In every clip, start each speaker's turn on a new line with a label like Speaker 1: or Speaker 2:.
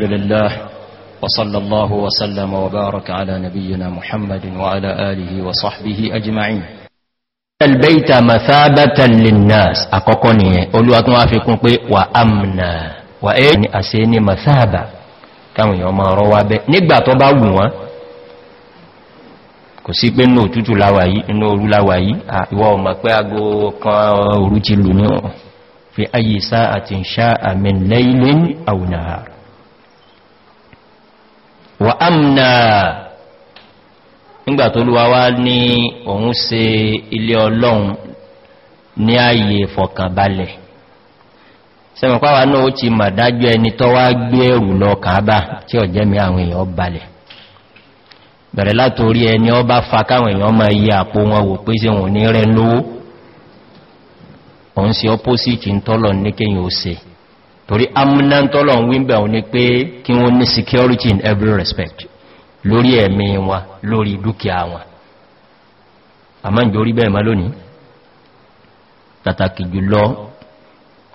Speaker 1: لله وصلى الله وسلم وبارك على نبينا محمد وعلى آله وصحبه أجمعين البيت مثابة للناس أقوقني أولو أتنوا فيكم وأمنا وإن أسيني مثابة كم يوم روابي نقبع طبعوا kò sí pé ní òtútù láwàáyí inú orú láwàáyí ìwọ ọmọ pé ago kan orú ti lù ní ọ̀ fi ayé sáà àti ìṣá àmì lẹ́ilé àwùnàhàrù wà ámìnà nígbà tó lúwa wá ní òun se ilé ọlọ́run ní ààyè fọ̀kànbalẹ̀ sẹ́mọ̀páwà náà ó ti mà dájú ẹni tó wá gbé ẹrù lọ kàábà tí ọ̀jẹ́mi àwọn èèyàn balẹ̀ bẹ̀rẹ̀ látorí ẹni ọ bá fa káwọn èèyàn ma yí àpò wọn wò pé sí wọn ní rẹ̀ lówó òun sí ọpósìtì ń tọ́lọ̀ ní kéyìn ó se torí amúnántọ́lọ̀ ń wímbẹ̀ òní pé kí wọ́n ní security in every respect lórí ẹ̀mí wọn lórí dúkìá wọn àmá ń jorí bẹ́ẹ̀ má lónìí pàtàkì jùlọ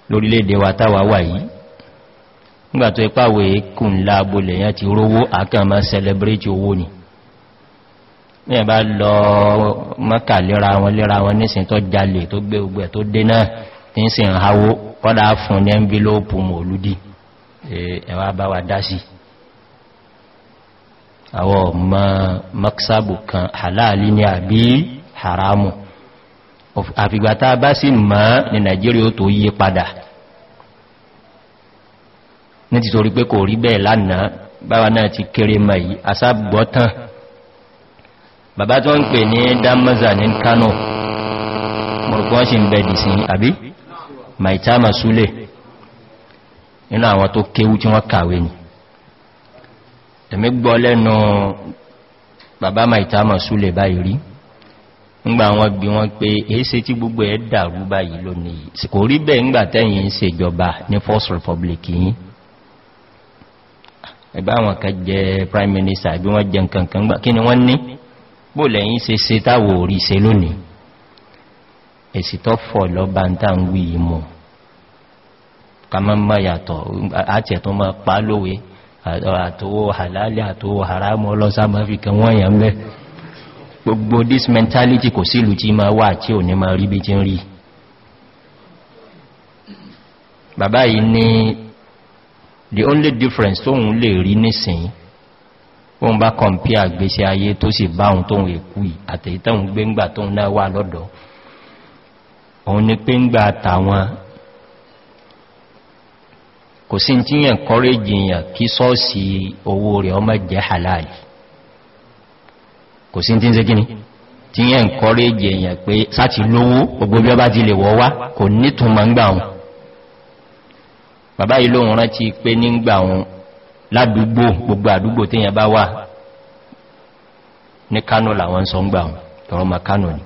Speaker 1: lórílẹ̀-èdè wa táwà wà yìí nígbàtọ̀ ipáwẹ̀ kùn láàbò lèyàn ti rówó àkàmà celebrate owó ni ní ẹ̀bá lọ mọ́kà lera wọn lera wọn nísìn tó jalè tó gbé ogbẹ̀ tó dé tí ń sin àwó kọ́dá fún ní ẹnbílóòpù mọ̀lúdí ẹwà bá wa dá sí àwọ̀ ọmọ maksabu kan halali ni àbí haramu àfìgbàtà bá sí mọ́ ní nigeria tó yí padà ní ti torí pé kò rí bẹ́ẹ̀ lánàá báwa náà ti kéré mọ̀ yìí asábọ̀tán bàbá tó ń pè ní damaza ní kano mọ̀rùkọ́ sí ń bẹ̀dì sí àbí maitama sule nínú àwọn tó kéwú tí wọ́n kàwé ni èmi gbọ́ lẹ́nu bàbá maitama sule báyìí rí ńgbà wọn bí wọn pé èése tí gbogbo ẹ̀ dàrú báyìí lónìí kò rí bẹ́ẹ̀ ńgbà tẹ́yìn ń ṣèjọba ní first republic yìí ẹgbà àwọn kan prime minister bí wọ́n jẹ nǹkan kan gbà kí ni wọ́n ní bó lẹ́yìn ṣe ṣe táwò orí ṣe lónìí èsì tó fọ̀ lọ́bá ń tàn wí ìmọ̀ kàmọ́ mọ́ yàtọ̀ àti ẹ̀tọ́ mọ́ pa lówe àtòwò àlàálẹ̀ àtòwò àrámọ́ ọlọ́sàmọ́ fi kẹ wọ́n yàn mẹ́ gbogbo this mentality kò sílù tí ma wà tí ò ní ma rí bí tí ń rí bàbá yìí ní the only difference tóhun lè rí nísìnyí wọ́n bá kọmpí àgbésí ayé tó sì báhun tóhun èkú àtẹ̀yí tóhun tóhun náà wà lọ́dọ̀ òun ni pé ń gbà àtàwọn kò sí tí yẹn kọ́rẹ́ jìyàn kí sọ́ọ̀sì owó rẹ̀ ọmọ jẹ́ halali kò sí tí ń se gíní tí yẹn kọ́rẹ́ jìyàn pé sáti lówó gbogbo bí ọ bá ti lè wọ́ wá kò nítùmọ̀ ń gbà wọn bàbá rántí pé nígbà wọn gbogbo àdúgbò tí yẹn bá wà ní kánò làwọn sọ ń tọrọ ma kánò ni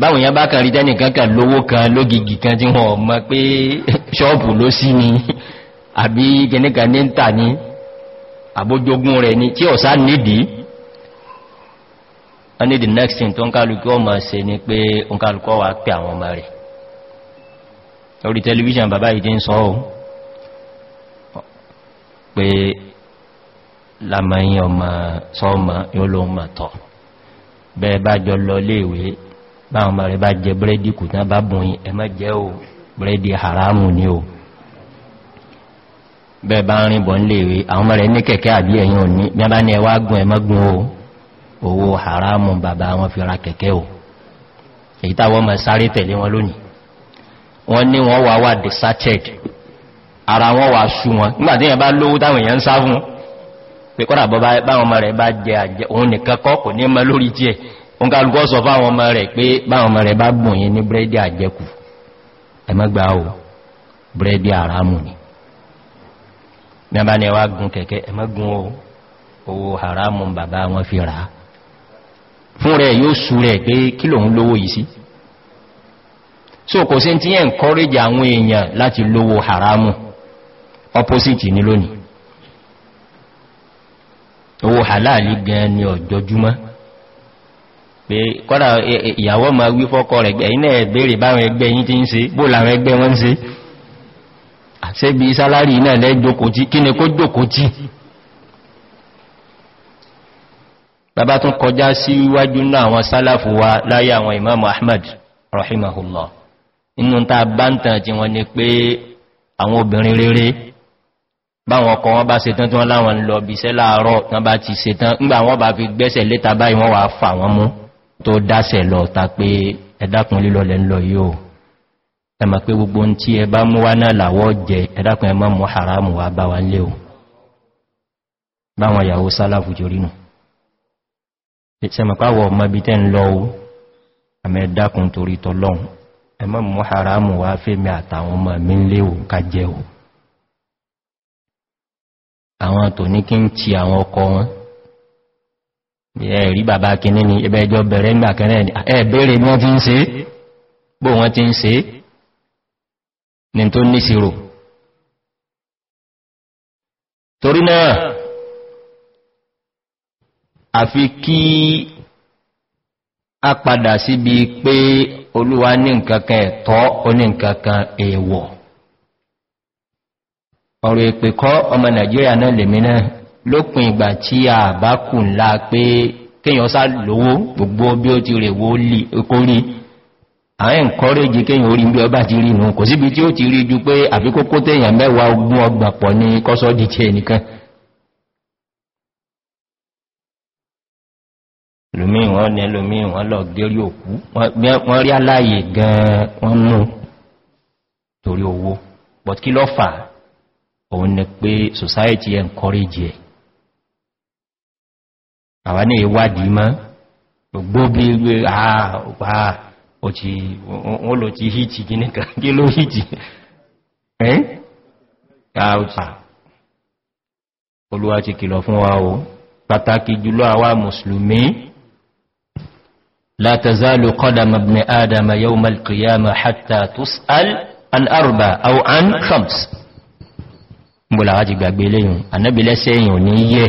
Speaker 1: báwọn yẹn bá kan rí tẹ́nìkan kan lówó kan lógigi kan tí wọ́n mọ̀ pé ṣọ́ọ̀pù ló sí ni àbí gẹnìkan ní tà ní àbójógún rẹ̀ ni tí ọ̀sá nídìí wọ́n the next thing tó ń kálùkọ́ ọmọ ṣe ni pé ń kálùkọ́ wà pẹ àwọn ọmọ rẹ̀ orí tẹlifíṣàn bàbá ìdí ń sọ ọ́ pé lámàáyín ọmọ sọ́ọ̀mọ̀ yóò lóun mọ̀ tọ̀ bẹ́ẹ̀ bá jọ lọ léèwé báwọn bá rẹ̀ bá jẹ búrẹ́dì kù tán bá bùnrin ẹmọ́ jẹ́ o búrẹ́dì haramu ni o bẹ́ẹ̀ bá rìn bọ̀ nílé rẹ̀ àwọn mẹ́rẹ̀ ní kẹ̀kẹ́ àbí ẹ̀yìn òní bí a bá ní ẹwà gùn ẹmọ́ gùn o owó haramu bàbá wọn fi ra kẹ̀kẹ́ o èyí táwọn mọ̀ sáré tẹ̀lé wọn lónìí wọ́n ní wọ́n wà wà deserted ara wọn wà sú wọn nígbàtí yẹn bá lówó táwọn èèyàn ń sá fún pẹ̀kọ́dà bọ́ báwọn mọ̀ bá jẹ àjẹ òun nìkan kọ́ kò ní mọ́ lórí jẹ́ òun kàlùkọ́ sọ fáwọn ọmọ rẹ̀ pé báwọn ọmọ rẹ̀ bá gbùn yí ní búrẹ́dì àjẹkù ẹmọ́gbà o búrẹ́dì àrámù ni mẹ́bá ni ẹwà gùn kẹ̀kẹ́ ẹmọ́gùn owó àrámù bàbá wọn fi rà fún rẹ̀ yóò sú rẹ̀ pé kí lòun lówó yìí sí so kò sí tí yẹn encourage àwọn èèyàn láti lówó àrámù opposite ni lónìí owó halali gan ni ọjọ́júmọ́ pé kọ́dà ìyàwó ma wí fọ́kọ́ rẹ̀ gbẹ̀ iná ẹ̀bẹ̀rẹ̀ báwọn ẹgbẹ́ yìí ti ń se bó làwọn ẹgbẹ́ wọn se sálárì náà lẹ́ jòkótí kí ni kó jòkótí bàbá kọjá sí wájú ahmad ta ń pé àwọn rere báwọn wọn bá se tán tí wọ́n láwọn lọ bí sẹ́láàárọ̀ tán bá ti se tán ńgbà wọ́n bá fi gbẹ́sẹ̀ létà báyìí wọ́n wà fà wọn mú tó dáṣẹ̀ lọ ta pé ẹ̀dàkùn lílọlẹ̀ ń lọ yóò ẹmà pé gbogbo ń tí ẹ bá mú wá náà làwọ́ jẹ ẹ̀dàkùn ẹmọ́ mú haramu wá bá wa ń lé o báwọn ìyàwó sálàfù jorínù ìtẹ́mọ̀páwọ̀ ọmọ ibi tẹ́ ń lọ o àmẹ́ ẹ̀dàkùn torí tọ́lọ́un ẹmọ́ mú haramu wá fẹ́mi àwọn tò ní kí ń ti àwọn ọkọ wọn ẹ̀rí bàbá kìíní ni ẹbẹ́jọ bẹ̀rẹ̀ ńgbà kẹrẹ ẹ̀bẹ̀rẹ̀ ní wọ́n ti ń se bó wọ́n ti ń se ní tó ní sírò torí náà àfi kí a padà síbi pé olúwa ní nkankan ẹ̀tọ́ oní nkankan èèwọ̀ ọ̀rọ̀ ìpẹ̀kọ́ ọmọ nàìjíríà náà lèmi lópin ìgbà tí a bá kù ńlá pé kíyàn sá lówó gbogbo bí ó ti rèwó kórí àwọn ẹ̀ǹkọ́rẹ́jì kíyàn orí bí ọba ti rí nù kò síbi tí ó ti rí ju pé àfikókó tèèyàn mẹ́wàá ogún ọgbàpọ̀ ní kọ́sọ́dì òun ni pé society encourage ẹ̀ àwọn ní ìwádìí mọ́ gbogbo bí gbé àpá òtí wọ́n lò ti hìtì gíní kàkí ló hìtì ẹ́ káàkì olúwa ti kìlọ̀ fún wa o pàtàkì jùlọ àwà mùsùlùmí látàzálù kọ́dà mabni adama yau malkiyama hatta tus'al an arba au an khams mbùlà wá ti gbàgbé léyìn anábìlẹ́sẹ̀ èyàn ní yẹ́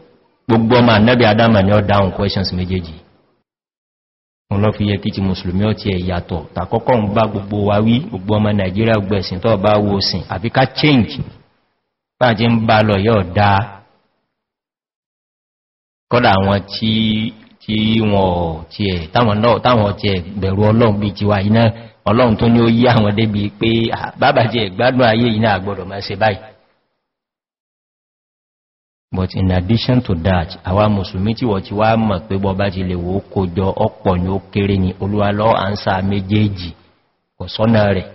Speaker 1: gbogbo ọmọ annabi adama ni ọ dáhùn questions méjèèjì wọn lọ fi yẹ kí ti musulmi ọ ti ẹ̀ yàtọ̀ tàkọ́kọ́ ń bá gbogbo wa wí gbogbo ọmọ nigeria gbẹ̀sìn tọ́ bá wo sìn àfi ká change pàtí ń bá lọ yọ́ dá kọ́dà àwọn tí tí wọn ti ẹ̀ táwọn náà táwọn ti ẹ̀ bẹ̀rù ọlọ́run bí ti wà iná ọlọ́run tó ní ó yí àwọn débi pé bábàjẹ́ ìgbádùn ayé iná àgbọ̀dọ̀ máa ṣe báyìí but in addition to that awa musulmi tí wọ́n ti wá mọ̀ pé bọ́bá ti lè wó kójọ ọ̀pọ̀ ní ó kéré ni olúwalọ́ àǹsà méjèèjì kò sọ́nà rẹ̀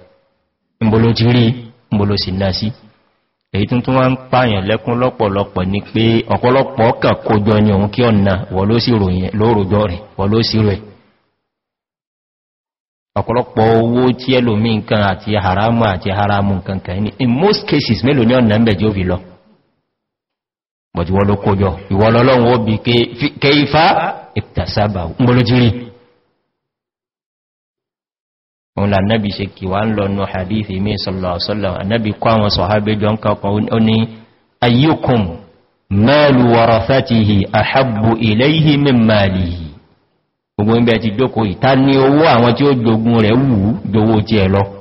Speaker 1: mbolo ti rí mbolo sì náà sí èyí tuntun wá ń pààyàn lẹ́kún ni pé ọ̀pọ̀lọpọ̀ ọkà kojọ ni òun kí ọ̀nà wọ́n ròyìn in most bọ̀tí wọ́n ló kójọ ìwọ́lọ́lọ́wọ́ bí kẹfà ìtàsábà mọ́lójírí òun là nábi ṣe kìwà ń lọ́nu hadith imi sọ̀lọ̀sọ̀lọ̀ anábi kọ́ àwọn sọ̀hábẹ́jọ ń kọ́kọ́ ó ní ayyukum mẹ́lù wọ̀rọ̀fẹ́tìhì àhábù ilẹ̀ihì mímàlìhì gbogbo ń bẹ